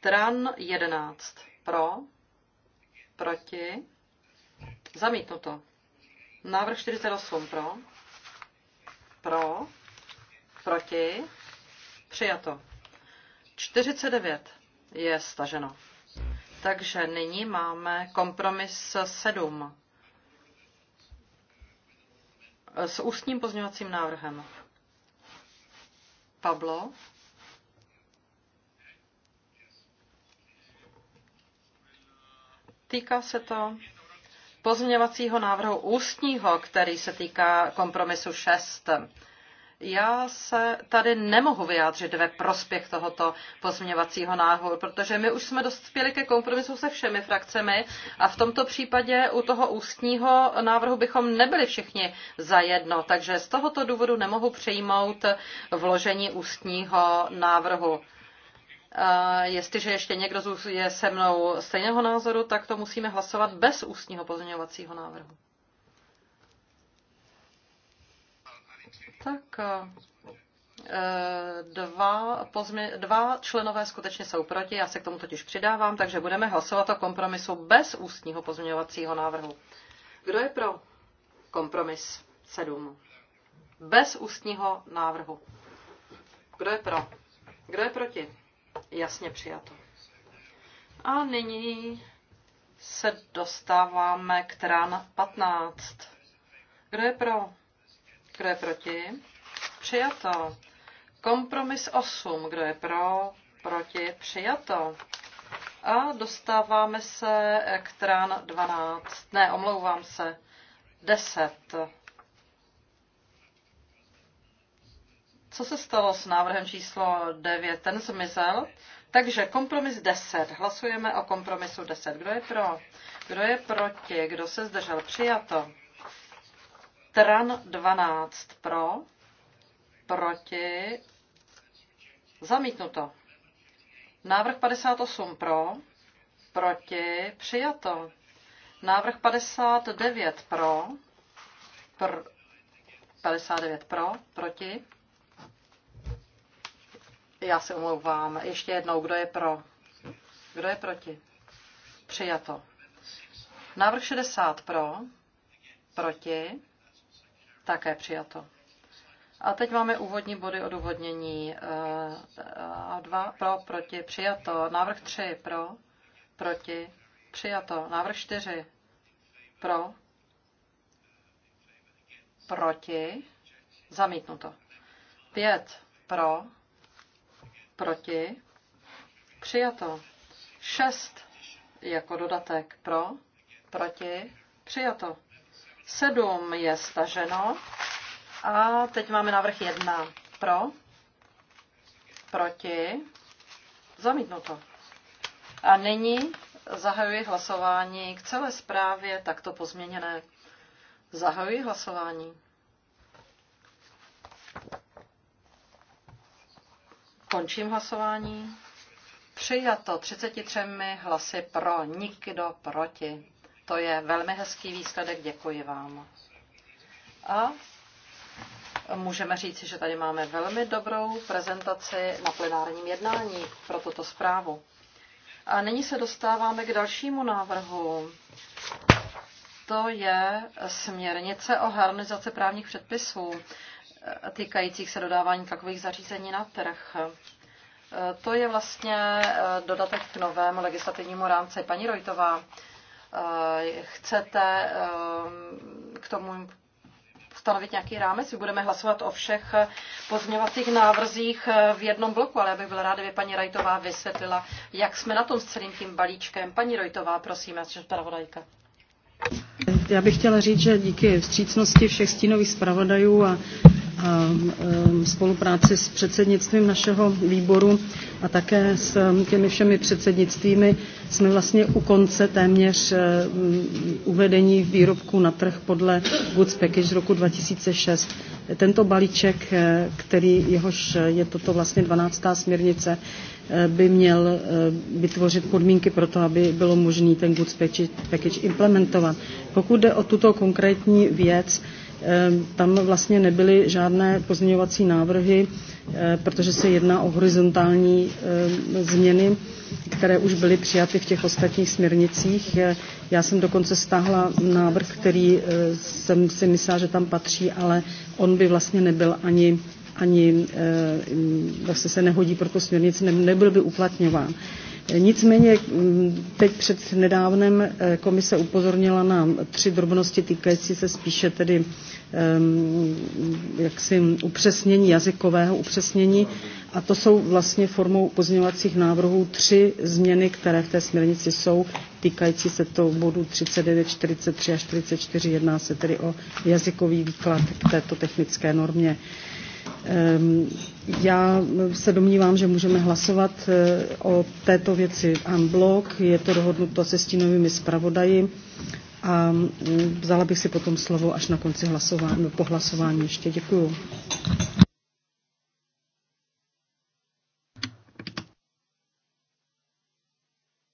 Tran 11. Pro. Proti. Zamítnuto. Návrh 48. Pro. Pro. Proti. Přijato. 49 je staženo. Takže nyní máme kompromis 7 s ústním pozměňovacím návrhem. Pablo? Týká se to pozměňovacího návrhu ústního, který se týká kompromisu 6. Já se tady nemohu vyjádřit ve prospěch tohoto pozměňovacího návrhu, protože my už jsme dospěli ke kompromisu se všemi frakcemi a v tomto případě u toho ústního návrhu bychom nebyli všichni zajedno, takže z tohoto důvodu nemohu přijmout vložení ústního návrhu jestliže ještě někdo je se mnou stejného názoru, tak to musíme hlasovat bez ústního pozměňovacího návrhu. Tak e, dva, pozmě, dva členové skutečně jsou proti, já se k tomu totiž přidávám, takže budeme hlasovat o kompromisu bez ústního pozměňovacího návrhu. Kdo je pro kompromis 7? Bez ústního návrhu. Kdo je pro? Kdo je proti? Jasně přijato. A nyní se dostáváme k trán 15. Kdo je pro? Kdo je proti? Přijato. Kompromis 8. Kdo je pro? Proti? Přijato. A dostáváme se k trán 12. Ne, omlouvám se. 10. Co se stalo s návrhem číslo 9? Ten zmizel. Takže kompromis 10. Hlasujeme o kompromisu 10. Kdo je pro? Kdo je proti? Kdo se zdržel? Přijato. Tran 12 pro, proti, zamítnuto. Návrh 58 pro, proti, přijato. Návrh 59 pro, pr, 59 pro, proti, já se omlouvám. Ještě jednou, kdo je pro? Kdo je proti? Přijato. Návrh 60 pro, proti, také přijato. A teď máme úvodní body odůvodnění. Eh, a dva pro, proti, přijato. Návrh 3 pro, proti, přijato. Návrh 4 pro, proti, zamítnuto. 5 pro, proti, přijato. 6 jako dodatek pro, proti, přijato. 7 je staženo a teď máme návrh 1 pro, proti, zamítnuto. A nyní zahajuji hlasování k celé zprávě takto pozměněné. Zahajuji hlasování. Končím hlasování. Přijato 33 hlasy pro, nikdo proti. To je velmi hezký výsledek, děkuji vám. A můžeme říci, že tady máme velmi dobrou prezentaci na plenárním jednání pro tuto zprávu. A nyní se dostáváme k dalšímu návrhu. To je směrnice o harmonizaci právních předpisů. Eh, týkajících se dodávání takových zařízení na trh. Eh, to je vlastně eh, dodatek k novému legislativnímu rámci. Paní Rojtová, chcete k tomu stanovit nějaký rámec. My budeme hlasovat o všech pozměňovacích návrzích v jednom bloku, ale já bych byla ráda, kdyby paní Rajtová vysvětlila, jak jsme na tom s celým tím balíčkem. Paní Rojtová, prosím, já zpravodajka. Já bych chtěla říct, že díky vstřícnosti všech stínových zpravodajů a a um, spolupráci s předsednictvím našeho výboru a také s um, těmi všemi předsednictvími jsme vlastně u konce téměř e, um, uvedení výrobků na trh podle Goods Package roku 2006. Tento balíček, e, který jehož je toto vlastně 12. směrnice, e, by měl vytvořit podmínky pro to, aby bylo možné ten Goods Package implementovat. Pokud jde o tuto konkrétní věc, Ehm, tam vlastně nebyly žádné pozměňovací návrhy, eh, protože se jedná o horizontální ehm, změny, které už byly přijaty v těch ostatních směrnicích. Eh, já jsem dokonce stáhla návrh, který eh, jsem si myslela, že tam patří, ale on by vlastně nebyl ani ani vlastně se nehodí pro tu směrnici, nebyl by uplatňován. Nicméně mm, teď před nedávnem eh, komise upozornila na tři drobnosti týkající se spíše tedy jaksi upřesnění, jazykového upřesnění a to jsou vlastně formou pozměňovacích návrhů tři změny, které v té směrnici jsou, týkající se to bodu 39, 43 a 44. Jedná se tedy o jazykový výklad k této technické normě. Ehm, já se domnívám, že můžeme hlasovat eh, o této věci unblock. Je to dohodnuto se stínovými zpravodaji a mm, vzala bych si potom slovo až na konci hlasování, no, po hlasování ještě. Děkuju.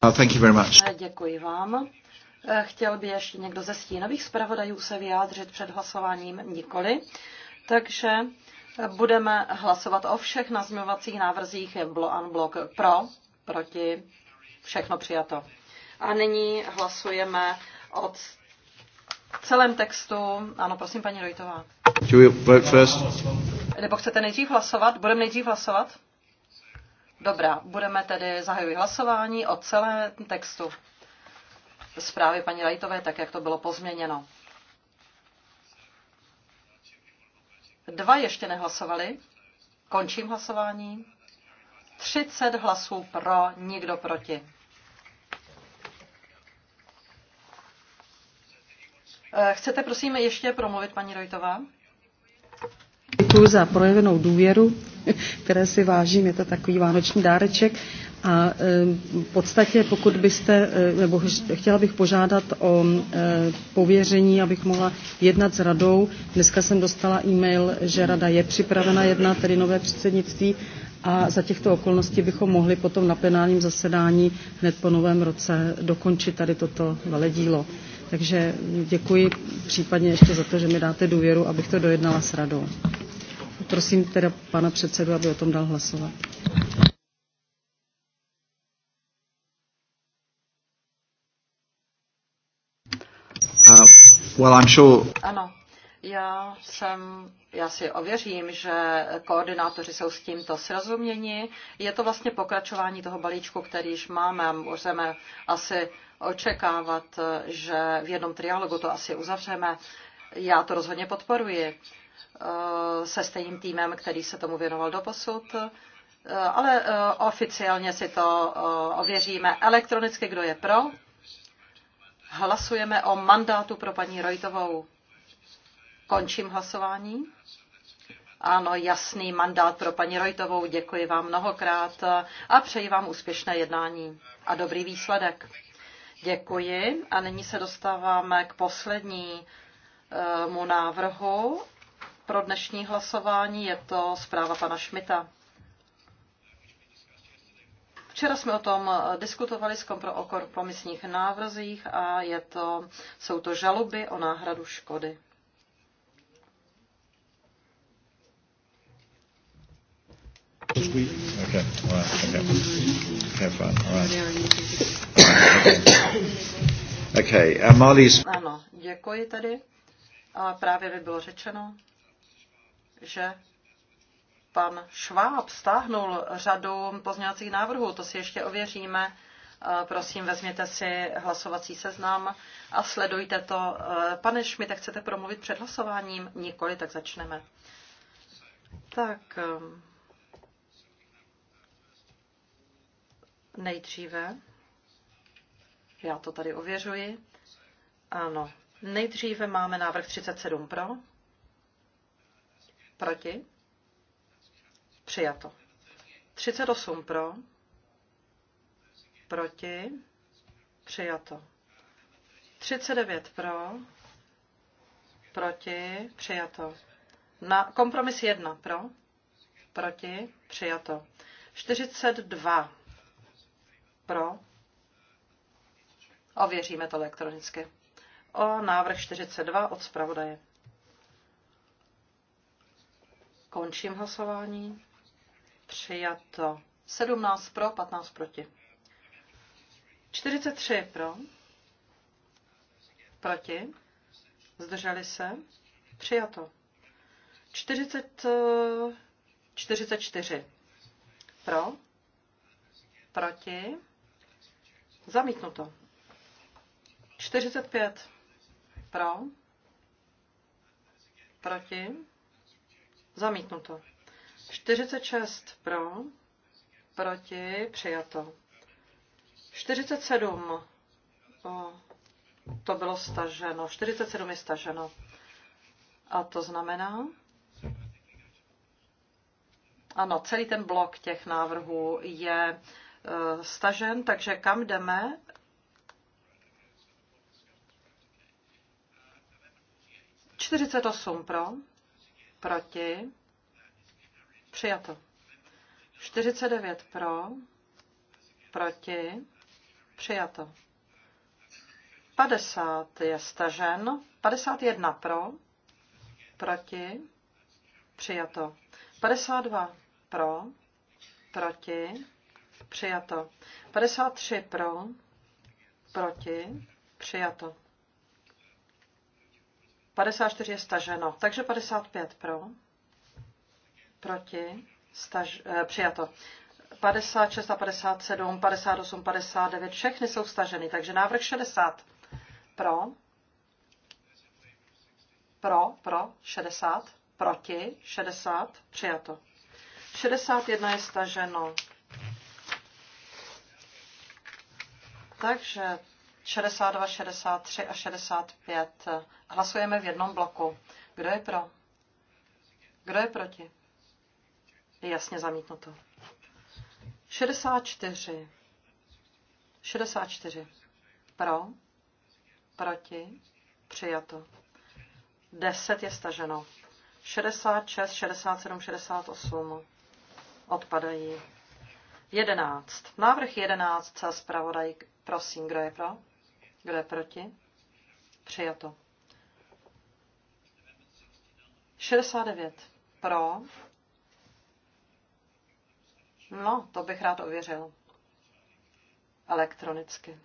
Uh, thank you very much. Eh, děkuji vám. Eh, chtěl by ještě někdo ze stínových zpravodajů se vyjádřit před hlasováním nikoli. Takže Budeme hlasovat o všech nazměvacích návrzích unblock pro, proti, všechno přijato. A nyní hlasujeme od celém textu. Ano, prosím, paní Rojtová. Nebo chcete nejdřív hlasovat? Budeme nejdřív hlasovat? Dobrá, budeme tedy zahajovat hlasování o celém textu zprávy paní Rajtové, tak jak to bylo pozměněno. Dva ještě nehlasovali. Končím hlasování. 30 hlasů pro, nikdo proti. Eh, chcete prosím ještě promluvit, paní Rojtová? Děkuji za projevenou důvěru, které si vážím. Je to takový vánoční dáreček. A e, v podstatě, pokud byste, e, nebo chtěla bych požádat o e, pověření, abych mohla jednat s radou. Dneska jsem dostala e-mail, že rada je připravena jednat, tedy nové předsednictví, a za těchto okolností bychom mohli potom na plenárním zasedání hned po novém roce dokončit tady toto veledílo. Takže děkuji případně ještě za to, že mi dáte důvěru, abych to dojednala s radou. Prosím teda pana předsedu, aby o tom dal hlasovat. Well, I'm sure... Ano, já jsem, já si ověřím, že koordinátoři jsou s tímto srozuměni. Je to vlastně pokračování toho balíčku, který již máme a můžeme asi očekávat, že v jednom trialogu to asi uzavřeme. Já to rozhodně podporuji eh, se stejným týmem, který se tomu věnoval do posud, eh, ale eh, oficiálně si to ověříme elektronicky, kdo je pro. Hlasujeme o mandátu pro paní Rojtovou. Končím hlasování. Ano, jasný mandát pro paní Rojtovou. Děkuji vám mnohokrát a přeji vám úspěšné jednání a dobrý výsledek. Děkuji a nyní se dostáváme k poslednímu návrhu pro dnešní hlasování. Je to zpráva pana Šmita. Včera jsme o tom eh, diskutovali s kompro o kompromisních návrzích a je to, jsou to žaloby o náhradu škody. Okay. right. Okay. Okay. Okay. Uh, ano, děkuji tady. A právě by bylo řečeno, že pan Šváb stáhnul řadu pozměňovacích návrhů, to si ještě ověříme. Eh, prosím, vezměte si hlasovací seznam a sledujte to. Eh, pane Šmite, chcete promluvit před hlasováním? Nikoli, tak začneme. Tak, ehm, nejdříve, já to tady ověřuji, ano, nejdříve máme návrh 37 pro, proti, Přijato. 38 pro. Proti. Přijato. 39 pro. Proti. Přijato. Na kompromis 1 pro. Proti. Přijato. 42 pro. Ověříme to elektronicky. O návrh 42 od zpravodaje. Končím hlasování. Přijato. 17 pro, 15 proti. 43 pro. Proti. Zdrželi se. Přijato. 40, 44 pro. Proti. Zamítnuto. 45 pro. Proti. Zamítnuto. 46 pro, proti, přijato. 47, o, to bylo staženo, 47 je staženo. A to znamená, ano, celý ten blok těch návrhů je e, stažen, takže kam jdeme? Čtyřicet osm pro, proti, Přijato. 49 pro, proti, přijato. 50 je stažen, 51 pro, proti, přijato. 52 pro, proti, přijato. 53 pro, proti, přijato. 54 je staženo, takže 55 pro, proti, staž, eh, přijato. 56 a 57, 58, 59, všechny jsou staženy, takže návrh 60 pro, pro, pro, 60, proti, 60, přijato. 61 je staženo. Takže 62, 63 a 65. Hlasujeme v jednom bloku. Kdo je pro? Kdo je proti? je jasně zamítnuto. 64. 64. Pro, proti, přijato. 10 je staženo. 66, 67, 68 odpadají. 11. Návrh 11 se zpravodaj, prosím, kdo je pro? Kdo je proti? Přijato. 69. Pro, No, to bych rád ověřil. Elektronicky.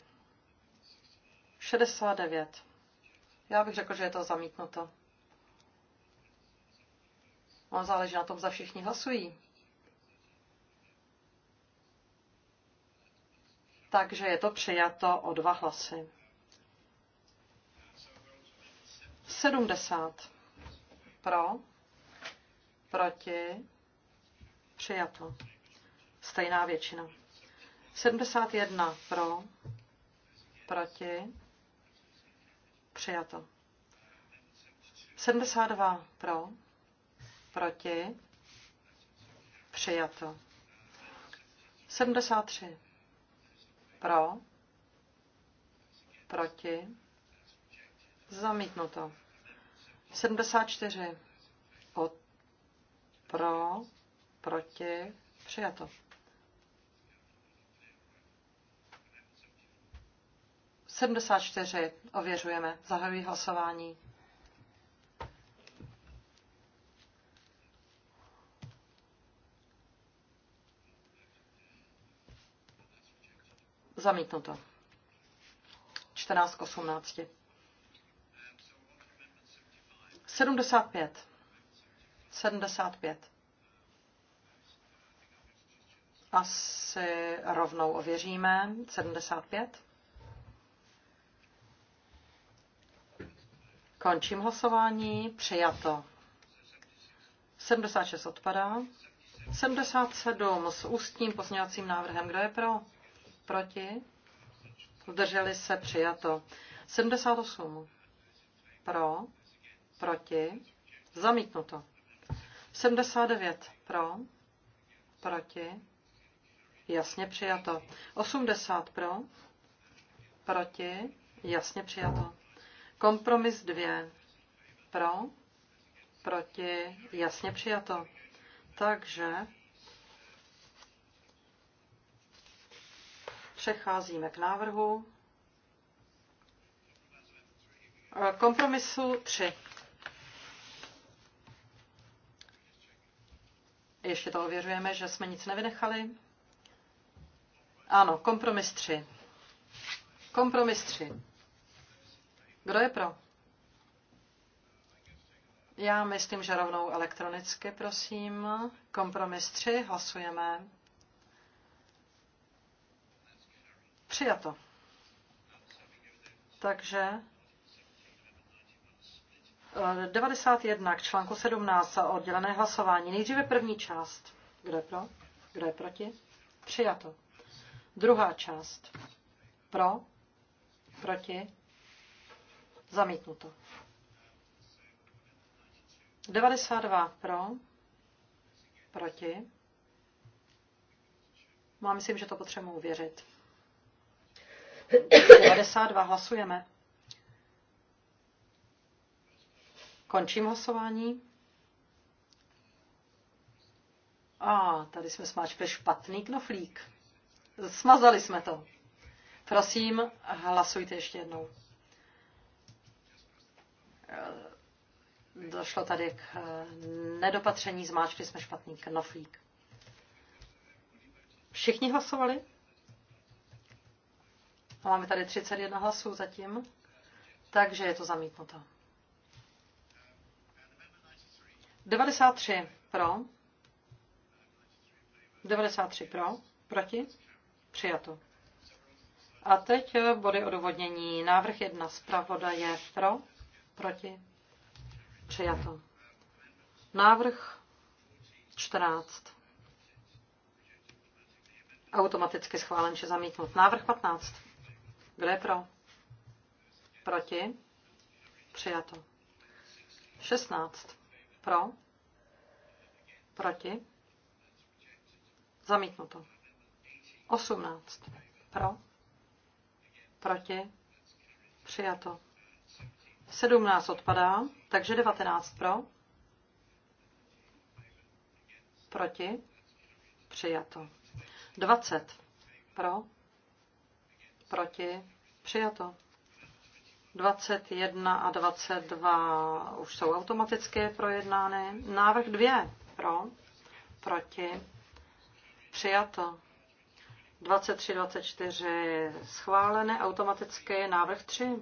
69. Já bych řekl, že je to zamítnuto. On záleží na tom, za všichni hlasují. Takže je to přijato o dva hlasy. 70 pro, proti, přijato. Stejná většina. 71 pro, proti, přijato. 72 pro, proti, přijato. 73 pro, proti, zamítnuto. 74 od, pro, proti, přijato. 74 ověřujeme. Zahajuji hlasování. Zamítnuto. 14 k 18. 75. 75. Asi rovnou ověříme. 75. Končím hlasování. Přijato. 76 odpadá. 77 s ústním pozměňovacím návrhem. Kdo je pro? Proti? Zdrželi se přijato. 78 pro, proti, zamítnuto. 79 pro, proti, jasně přijato. 80 pro, proti, jasně přijato. Kompromis dvě Pro, proti, jasně přijato. Takže přecházíme k návrhu e, kompromisu tři. Ještě to ověřujeme, že jsme nic nevynechali. Ano, kompromis 3. Kompromis 3. Kdo je pro? Já myslím, že rovnou elektronicky, prosím. Kompromis 3, hlasujeme. Přijato. Takže 91 eh, k článku 17 a oddělené hlasování. Nejdříve první část. Kdo je pro? Kdo je proti? Přijato. Druhá část. Pro? Proti? Zamítnuto. 92 pro, proti. Má no myslím, že to potřebuji uvěřit. 92 hlasujeme. Končím hlasování. A tady jsme smáčkli špatný knoflík. Smazali jsme to. Prosím, hlasujte ještě jednou. Eh, došlo tady k eh, nedopatření, zmáčkli jsme špatný knoflík. Všichni hlasovali? A máme tady 31 hlasů zatím, takže je to zamítnuto. 93 pro, 93 pro, proti, přijato. A teď eh, body odůvodnění. Návrh 1 zpravodaje pro, Proti? Přijato. Návrh 14. Automaticky schválen či zamítnut. Návrh 15. Kdo je pro? Proti? Přijato. 16. Pro? Proti? Zamítnuto. 18. Pro? Proti? Přijato. 17 odpadá, takže 19 pro. Proti. Přijato. 20 pro. Proti. Přijato. 21 a 22 už jsou automaticky projednány. Návrh 2 pro. Proti. Přijato. 23, 24 schválené, automaticky návrh 3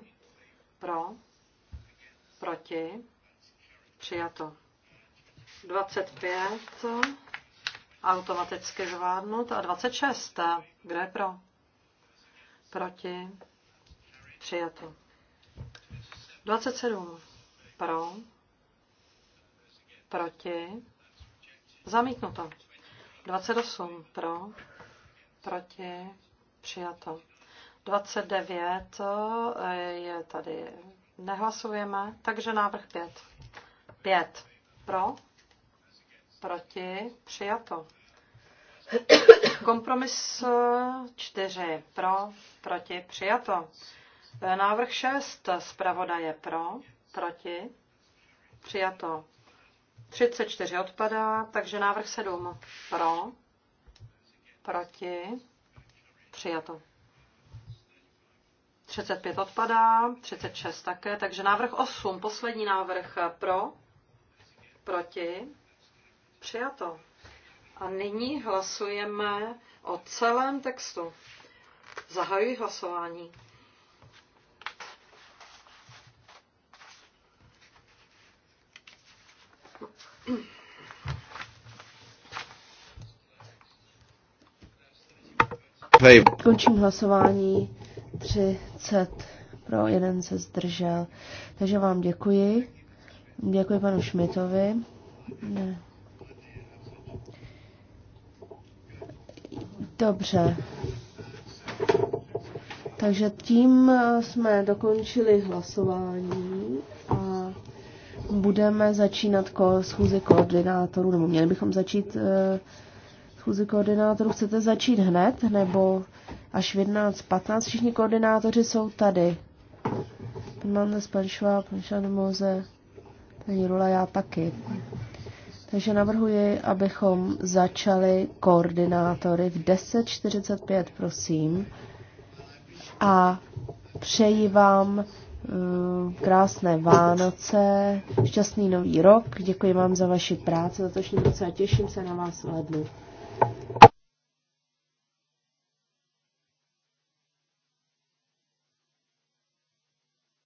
pro proti, přijato. 25 automaticky zvládnut a 26. Kdo je pro? Proti. Přijato. 27. Pro. Proti. Zamítnuto. 28. Pro. Proti. Přijato. 29 je tady Nehlasujeme, takže návrh 5. 5. Pro, proti, přijato. Kompromis 4. Eh, pro, proti, přijato. Eh, návrh 6. Zpravodaje pro, proti, přijato. 34 odpadá, takže návrh 7. Pro, proti, přijato. 35 odpadá, 36 také, takže návrh 8, poslední návrh pro, proti, přijato. A nyní hlasujeme o celém textu. Zahajuji hlasování. Končím hlasování. 30 pro, jeden se zdržel. Takže vám děkuji. Děkuji panu Šmitovi. Ne. Dobře. Takže tím jsme dokončili hlasování a budeme začínat ko- schůzi koordinátorů, nebo měli bychom začít eh, schůzi koordinátorů. Chcete začít hned, nebo až v 11.15. Všichni koordinátoři jsou tady. Pan Mandes, pan Šváb, pan Šanemoze, paní Rula, já taky. Takže navrhuji, abychom začali koordinátory v 10.45, prosím. A přeji vám eh, krásné Vánoce, šťastný nový rok. Děkuji vám za vaši práci letošní roce a těším se na vás v lednu.